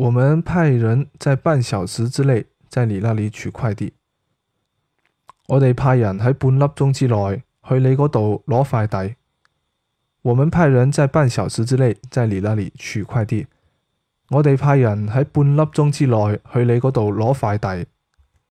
我們派人在半小時之內在你那裏取快遞。我哋派人喺半粒鐘之內去你嗰度攞快遞。我們派人在半小時之內在你那裏取快遞。我哋派人喺半粒鐘之內去你嗰度攞快遞。